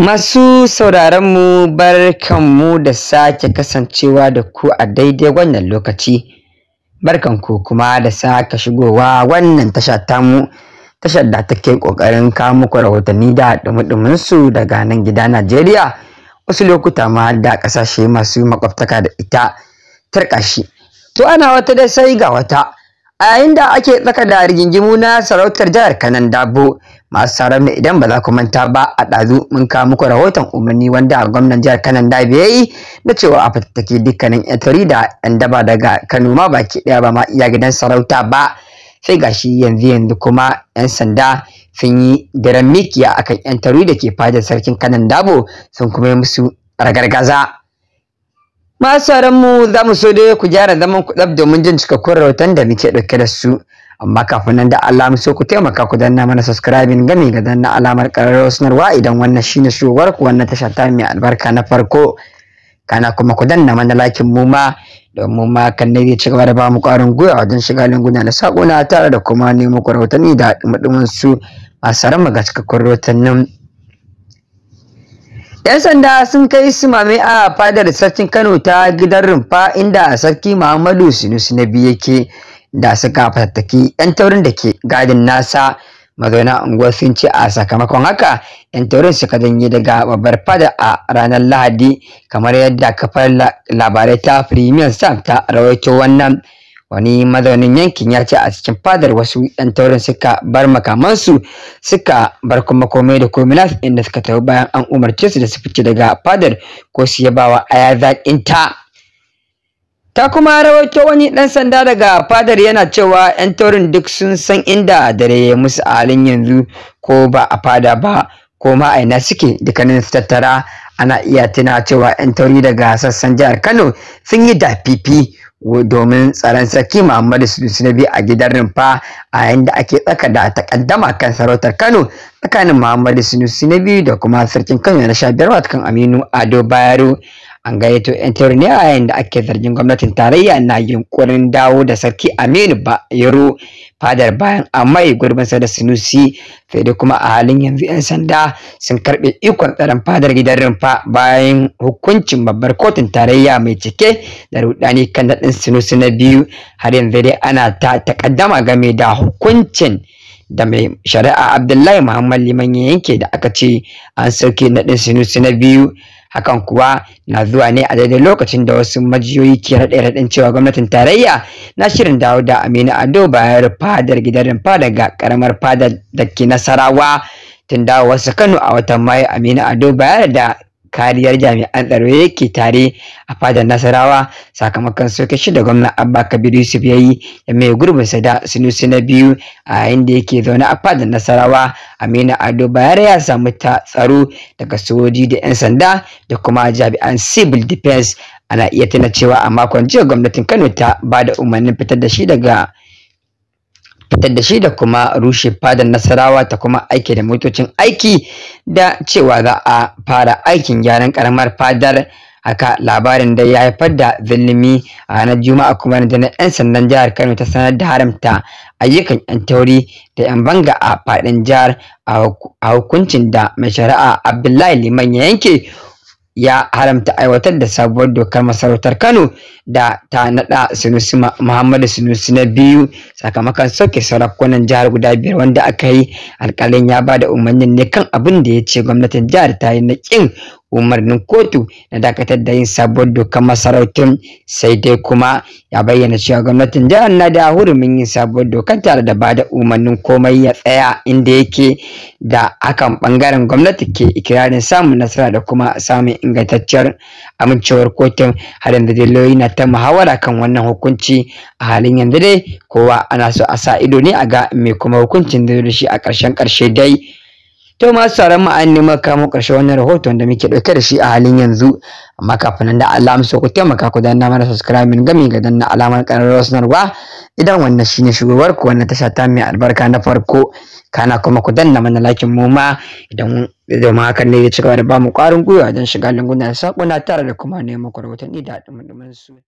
Masu sauraronmu barkanmu da sake kasancewa da ku a daidai wannan lokaci. Barkanku kuma da sake shigowa wannan tasha tamu, tashar da take ƙoƙarin kawo muku rahotanni da dumudumunsu daga nan gida Najeriya, wasu lokuta ma da ƙasashe masu makwabtaka da ita tarkashi. To ana wata da sai ga wata. a yayin da ake tsaka da rigingimu na sarautar jihar Kanan Dabo masu sarar idan ba za ku manta ba a ɗazu mun kawo muku rahoton umarni wanda gwamnan jihar kanan da biya yi na cewa a fatattake dukkanin yatari da yan daba daga kano ma baki ɗaya ba ma iya gidan sarauta ba sai gashi yanzu yanzu kuma yan sanda sun yi daren mikiya akan yan tari da ke fadar sarkin kanan dabo sun kuma yi musu ragargaza masu mu za mu so dai ku gyara zaman ku domin jin cikakkun rahoton da muke ɗauke da su amma kafin nan da Allah mu so ku taimaka ku danna mana subscribing gami ga danna alamar ƙararrawar sanarwa idan wannan shine shugowar ku wannan tashar ta mai albarka na farko kana kuma ku danna mana lakin mu ma don mu ma kan ne zai ci gaba da ba mu ƙwarin gwiwa wajen shiga na sako na tare da kuma nemo ku rahotanni da dumudumin su a saran ga cikakkun nan. ‘Yan sanda sun kai su mame a fadar sarkin Kano ta gidan rumfa inda sarki Muhammadu Sinusi na biyu yake. da suka fatattaki 'yan taurin da ke gadin nasa mazauna unguwar sun ce a sakamakon haka 'yan taurin suka janye daga babbar fada a ranar lahadi kamar yadda kafar labarai ta premium sam ta rawaito wannan wani mazaunin yankin ya ce a cikin fadar wasu 'yan taurin suka bar makamansu suka bar kuma komai da komai nasu, inda suka tafi bayan an umarce su da su fice daga fadar ko su bawa aya zaƙinta ta kuma rawaito wani ɗan sanda daga fadar yana cewa 'yan taurin duk sun san inda dare ya musu a halin yanzu ko ba a fada ba ko ma aina suke dukkanin su tattara ana iya tuna cewa 'yan tauri daga sassan jihar kano sun yi dafifi domin tsaron sarki Muhammadu na a gidan rumfa a yanda ake tsaka da takaddama kan sarautar Kano tsakanin Muhammadu na da kuma sarkin Kano na sha biyar watakan Aminu Ado Bayero an gayyato 'yan ne a yayin da ake zargin gwamnatin tarayya na yunkurin dawo da sarki aminu ba yaro fadar bayan amai gurbin sa da sinusi sai dai kuma a halin yanzu 'yan sanda sun karbe ikon tsaron fadar gidan rumfa bayan hukuncin babbar kotun tarayya mai cike da rudani kan daɗin sinusi na biyu har yanzu dai ana ta takaddama game da hukuncin da mai shari'a abdullahi muhammad liman yanke da aka ce an sauke naɗin sinusi na biyu hakan kuwa na zuwa ne a daidai lokacin da wasu majiyoyi ke raɗe raɗin cewa gwamnatin tarayya na shirin dawo da aminu ado bayan fadar gidan rumfa daga karamar fada da ke nasarawa tun dawo wasu kano a watan mayu aminu ado bayar da kariyar jami'an tsaro yake tare a fadar Nasarawa sakamakon soke shi da gwamna Abba Kabir Yusuf ya yi da mai gurbin sada da na biyu a yayin da yake zaune a fadar Nasarawa Amina Ado Bayar ya samu ta tsaro daga sojoji da 'yan sanda da kuma jami'an civil defense ana iya tana cewa a makon jiya gwamnatin Kano ta bada da umarnin fitar da shi daga fitar da shi da kuma rushe fadar nasarawa ta kuma aiki da motocin aiki da cewa za a fara aikin gyaran karamar fadar haka labarin da ya haifar da zulumi a ranar juma'a kuma na 'yan sandan jihar kano ta sanar da haramta ayyukan 'yan tauri da 'yan banga a fadin jihar a hukuncin da mai shari'a abdullahi liman ya yanke ya haramta aiwatar da sabuwar dokar masarautar Kano da ta naɗa Sunusi Muhammadu Sunusi na biyu sakamakon sauke sarakunan jihar guda biyar wanda aka yi alkalin ya ba da umarnin ne kan abin da ya ce gwamnatin jihar ta yi na kin umarnin kotu na dakatar da yin sabon dokar masarautun sai dai kuma ya bayyana cewa gwamnatin jihar na da hurumin yin sabon dokar tare da bada umarnin komai ya tsaya inda yake da akan bangaren gwamnati ke ikirarin samun nasara da kuma samun ingantacciyar amincewar kotun har yanzu dai na ta muhawara kan wannan hukunci a halin yanzu dai kowa ana so a sa ido ne a ga me kuma hukuncin da shi a ƙarshen ƙarshe dai To masu sauran mu an nemi kawo ƙarshen wannan rahoton da muke ɗauke da shi a halin yanzu. Amma kafin nan da Allah so ku taimaka ku danna mana subscribing gami ga danna alamar ƙararrawar sanarwa idan wannan shine shugabar ku wannan tasha ta mai albarka na farko. Kana kuma ku danna mana lakin mu ma idan ma hakan ne ya ci gaba da bamu ƙwarin gwiwa don shiga lunguna da saƙona tare da kuma neman ni da haɗin su.